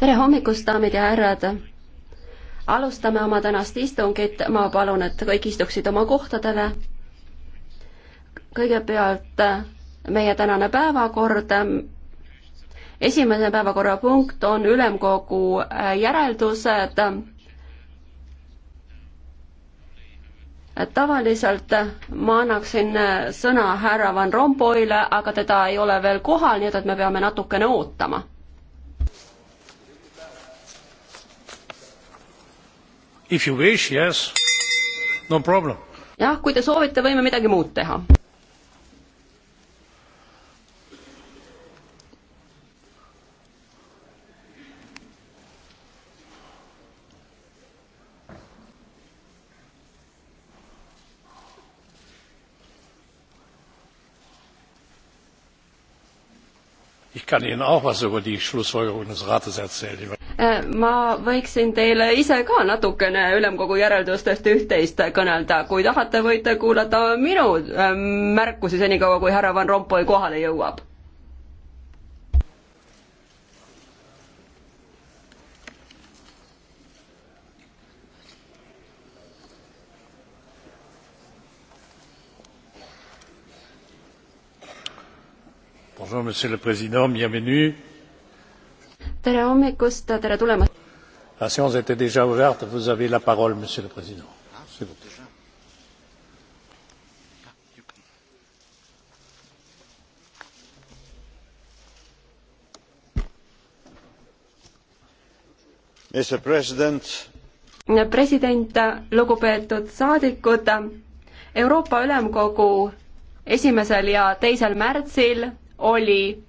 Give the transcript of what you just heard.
tere hommikust, daamid ja härrad! alustame oma tänast istungit, ma palun, et kõik istuksid oma kohtadele. kõigepealt äh, meie tänane päevakord. esimene päevakorrapunkt on ülemkogu äh, järeldused. tavaliselt ma annaksin äh, sõna härra Van Rompuyle, aga teda ei ole veel kohal, nii et, et me peame natukene ootama If you wish, yes. No problem. jah, kui te soovite, võime midagi muud teha. ich kann ihnen auch etwas über die schlussfolgerungen des rates erzählen ma võiksin teile ise ka natukene ülemkogu järeldustest üht-teist kõnelda, kui tahate, võite kuulata minu ähm, märkusi senikaua, kui härra Van Rompuy kohale jõuab. Bonjour, monsieur le président, bienvenue tere hommikust, tere tulemast. La séance était déjà ouverte, vous avez la parole, monsieur le président. S'il vous plaît. president, president, lugupeetud saadikud, Euroopa Ülemkogu esimesel ja teisel märtsil oli